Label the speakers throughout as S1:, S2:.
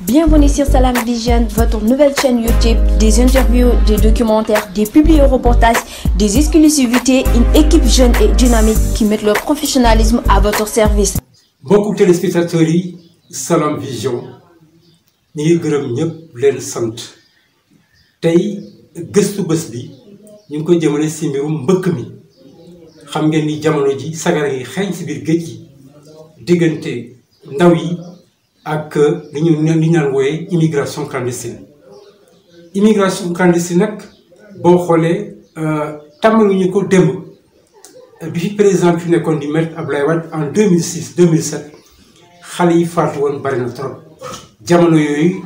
S1: Bienvenue sur Salam Vision, votre nouvelle chaîne YouTube, des interviews, des documentaires, des publi-reportages, des exclusivités, une équipe jeune et dynamique qui met leur professionnalisme à votre service. mbokku téléspectateurs yi Salam Vision ñu gërëm ñëpp leen sant tey gëstu bés bi ñu ngi koy jëmale si mbirum mbëkk mi xam ngeen ni jamono ji sagara yi xeeñ si biir géej gi diggante ndaw yi. ak dañu ñu li ñu naan wooyee immigration clandestine immigration clandestine nag boo xoolee euh, tàmmaluñu ko démb bi fi président fi nekkoon di maître Abdoulaye Wade en 2006 2007 xale yi faatu woon bari na trop jamono yooyu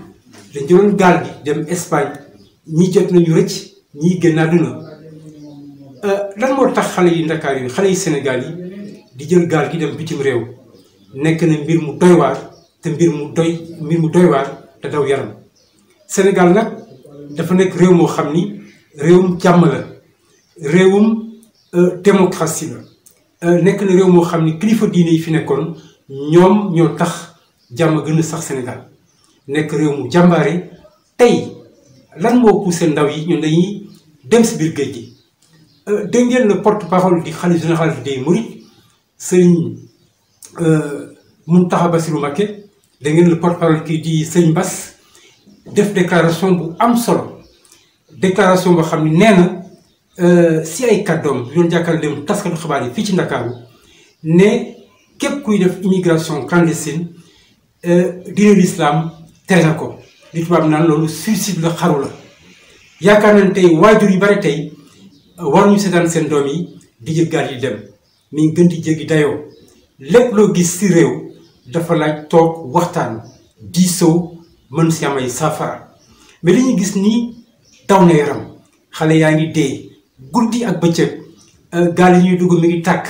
S1: dañ doon gaal gi dem Espagne ñi jot nañu rëcc ñii génn àdduna euh, lan moo tax xale yi Ndakaar yi xale yi Sénégal yi di jël gaal gi dem bitim réew nekk na mbir mu doy waar te mbir mu doy mbir mu doy waar te daw yaram Sénégal nag dafa nekk réew moo xam ni réewum jàmm la réewum euh, démocratie la euh, nekk na réew moo xam ni kilifa diine yi fi nekkoon ñoom ñoo tax jàmm gën a sax Sénégal nekk réew mu jàmbaare tey lan moo poussé ndaw yi ñun dañuy dem si biir géej gi euh, dégg ngeen le porte parole di xalif général des Mourides sëriñ Mountakha Bassirou Mbacké da ngeen le porte kii di sëñ Bass def déclaration bu am solo déclaration boo xam ne nee na euh, si ay kàddoom yoon jàkkaarloo dem taskatu xabaar yi fii ci Ndakaaru ne képp kuy def immigration clandestine euh, diine l'islam tere na ko li tubaab naan loolu suicide la xaru la yaakaar nañ tey waajur yu bari tey waruñu seetaan seen doom yi di jël gaal yi dem mi gën di jéggi dayoo lépp loo gis si réew dafa laaj toog waxtaan diisoo mën si am ay saafara mais li ñu gis nii daw na yaram xale yaa ngi dee guddi ak bëccëg euh, gaal yi ñuy dugg mi ngi tàkk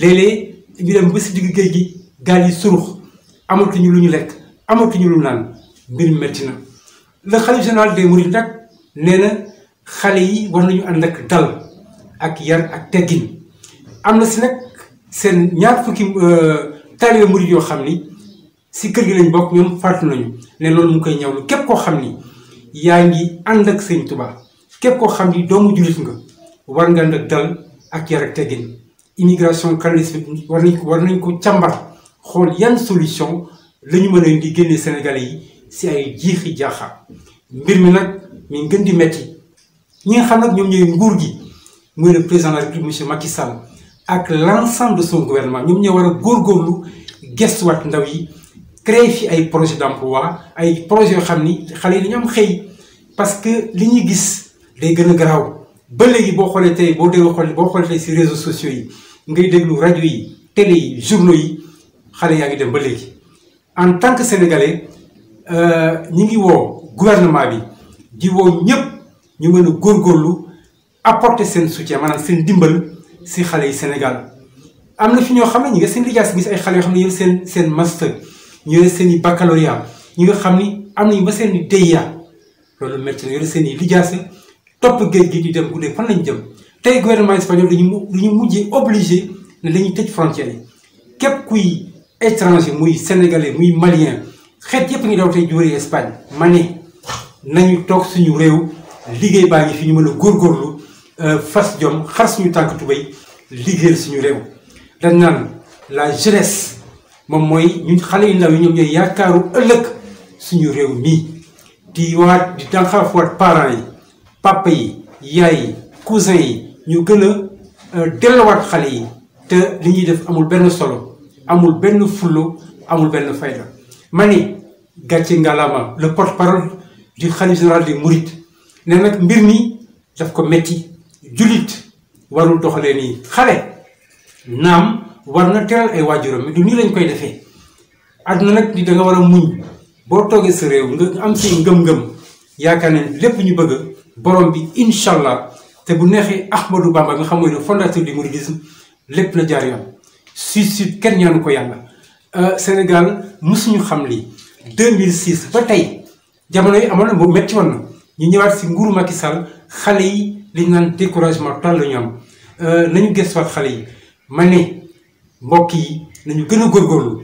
S1: léeg-léeg ñu dem ba digg géej gi gaal yi surux amatuñu lu ñu lekk amatuñu lu naan mbir metti na le khalife général des mourides nag nee na xale yi war nañu ànd ak dal ak yar ak teggin am na si nag seen ñaar fukki euh, taalibe murid yoo xam ni si kër gi lañ bokk ñoom faratu nañu ne loolu mu ngi koy ñawlu képp koo xam ni yaa ngi ànd ak sëñ Tuubaa képp koo xam ni doomu jullit nga war nga ànd ak dal ak yar ak teggin immigration clandestine war nañ ko war nañ ko càmbar xool yan solution la ñu mën a di génne Sénégalais yi si ay jiixi jaaxa mbir mi nag mi ngi gën di metti ñi nga xam nag ñoom ñooy nguur gi muy le président de la République monsieur Macky Sall. ak l'ensemble de son gouvernement ñoom ñoo war a góorgóorlu gestuwaat ndaw yi créer fi ay projet d'emploi ay projet yoo xam ni xale yi dañu am xëy parce que li ñuy gis day gën a garaaw ba léegi boo xoolee tey boo déglu xool boo xoolee si réseaux sociaux yi ngay déglu rajo yi télé yi journaux yi xale yaa ngi dem ba léegi en tant que sénégalais euh, ñi ngi woo gouvernement bi di woo ñëpp ñu mën a góorgóorlu apporter seen soutien maanaam seen dimbal si xale yi Sénégal am na fi ñoo xam ne ñu ngi seen lijaas gis ay xale yoo xam ne seen seen master ñu ngi seen i ñi nga xam ni am nañu ba seen i DEA loolu métti na yore seen i lijaas topp géej gi di dem bu dee fan lañ jëm tey gouvernement espagnol dañu dañu mujjee obligé ne dañuy tëj frontière képp kuy étranger muy sénégalais muy malien xeet yëpp ngi daw tey jóoree Espagne ma ne nañu toog suñu réew liggéey baa ngi fi ñu mën a góorgóorlu euh, fas jom xar suñu tànk tubéy liggéeyal suñu réew dañ naan la jeunesse moom mooy ñu xale yu ndaw yi ñoom ñooy yaakaaru ëllëg suñu réew mii di waat di dànqaafuwaat parents yi papa yi yaay yi cousin yi ñu gën a euh, delluwaat xale yi te li ñuy def amul benn solo amul benn fullo amul benn fayda ma ni gàcce ngalaama le porte-parole du khalife général des mourides ne mbir mi daf ko metti jullit warul doxalee nii xale naam war na teral ay waajuram du nii lañ koy defee àdduna nag di da war a muñ boo toogee sa réew nga am say ngëm-ngëm yaakaar ne lépp ñu bëgg borom bi incha allah te bu neexee Ahmadou Bamba nga xam mooy le fondateur du mouridisme lépp na jaar yoon si si kenn ñaanu ko yàlla euh, Sénégal mosuñu xam lii 2006 ba tey jamono yi amoon na boobu metti woon na ñu ñëwaat si nguuru Macky Sall xale yi li naan découragement toll ñu am euh, nañu gëstuwaat xale yi ma ne mbokk yi nañu gën a góorgóorlu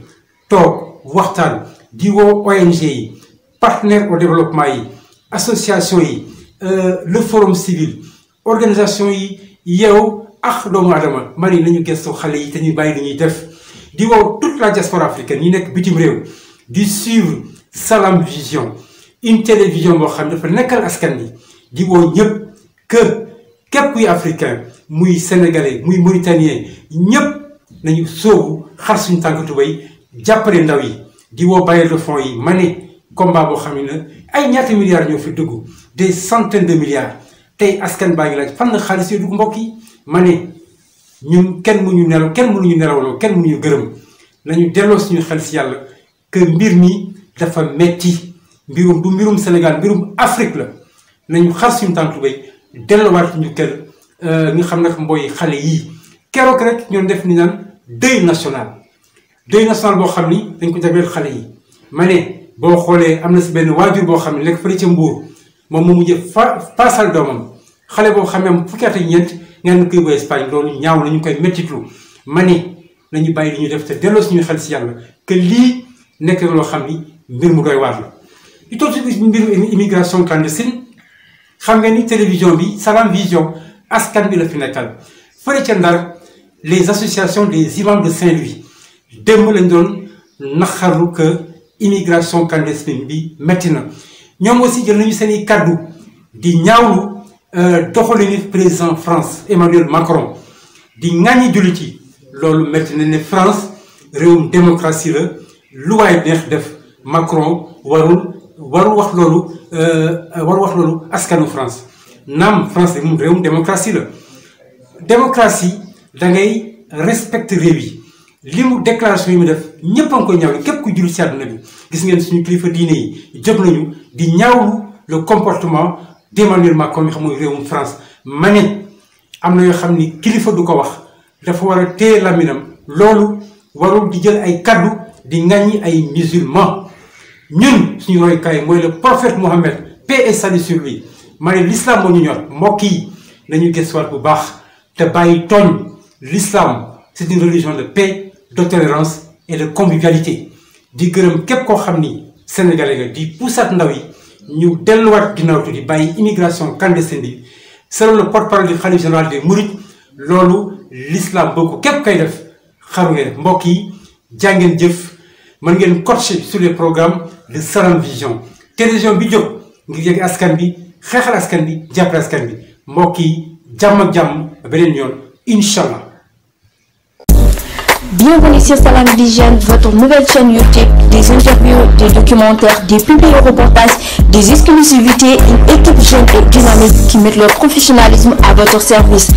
S1: toog waxtaan di woo ONG yi partenaire au développement yi association yi euh, le forum civil organisation yi yow ak doomu aadama ma ne nañu gëstu xale yi te ñu bàyyi li ñuy def di woo toute la diaspora africaine yi nekk bitim réew di suivre Salam Vision une télévision boo xam ne dafa nekkal askan bi di woo kër que képp kuy africain muy sénégalais muy mauritanien ñëpp nañu sóobu xar suñu tànk tubéy jàppale ndaw yi di woo bailleurs de fonds yi ma ne combat boo xam ne nag ay ñaata milliards ñoo fi dugg des centaines de milliards tey askan baa ngi laaj fan la xaalis yi dugg mbokk yi ma ne ñun kenn mënuñu nelaw kenn mënuñu nelawloo kenn mënuñu gërëm nañu delloo suñu xel si yàlla kër mbir mi dafa metti mbirum du mbirum Sénégal mbirum Afrique la nañu xar suñu tànk bay delluwaat euh, ñu kër nga xam nag mooy xale yii keroog rek ñoon def ni naan deuil national deuil national boo xam ni dañ ko jagleel xale yi ma ne boo xoolee am na si benn waajur boo xam ne lekk fële ca mbuur moom moo mujjee fa paasal doomam xale boo xam ne am fukki at ak ñeent ngeen koy bu Espagne loolu ñaaw la ñu koy méttitlu ma ne nañu bàyyi li ñuy def te delloo suñuy xel si yàlla kër lii nekk na loo xam ni mbir mu doy waar la. li toog ci mbiru immigration clandestine xam nga ni télévision bi Salam Vision askan bi la fi nekkal fële ca Ndar les associations des imams de Saint-Louis démb lañ doon naxaru que immigration clandestine bi métti na ñoom aussi jël nañu seen i kàddu di ñaawlu euh, doxalinu président France Emmanuel Macron di ŋàññi jullit yi loolu metti na ne France réewum démocratie la lu waay neex def Macron warul waru wax loolu euh, waru wax loolu askanu France naam France moom réewum démocratie la démocratie da ngay respecter réew yi li mu déclaration yi mu def ñëpp a ngi koy ñaawlu képp ku jullit ci àdduna bi gis ngeen suñu kilifa diine yi jóg nañu di ñaawlu le comportement d'Emmanuel Macron mi xam mooy réewum France ma am na yoo xam ni kilifa du ko wax dafa war a téye laminam loolu warul di jël ay kaddu di ŋàññi ay musulman ñun suñu royukaay mooy le prophète Mohammed p et salut sur lui ma ne l'islam ñu ñor mbokk yi nañu gëstuwaat bu baax te bàyyi tooñ l'islam c'est une religion de paix de tolérance et de convivialité di gërëm képp koo xam ni sénégalais nga di pusaat ndaw yi ñu delluwaat ginnaaw tuuti bàyyi immigration clandestine bi selon le porte-parole du khalife général des mourides loolu l'islam boo ko képp kay def xam ngeen mbokk yi jàngeen jëf mën ngeen coacher sur les programmes de Salam Vision télévision bi jóg ngir yëg askan bi xeexal askan bi jàppale askan bi mbokk yi jàmm ak jàmm beneen yoon allah. Bienvenue sur Salam Vision, votre nouvelle chaîne YouTube, des interviews, des documentaires, des publireportages, des exclusivités, une équipe jeune et dynamique qui met leur professionnalisme à votre service.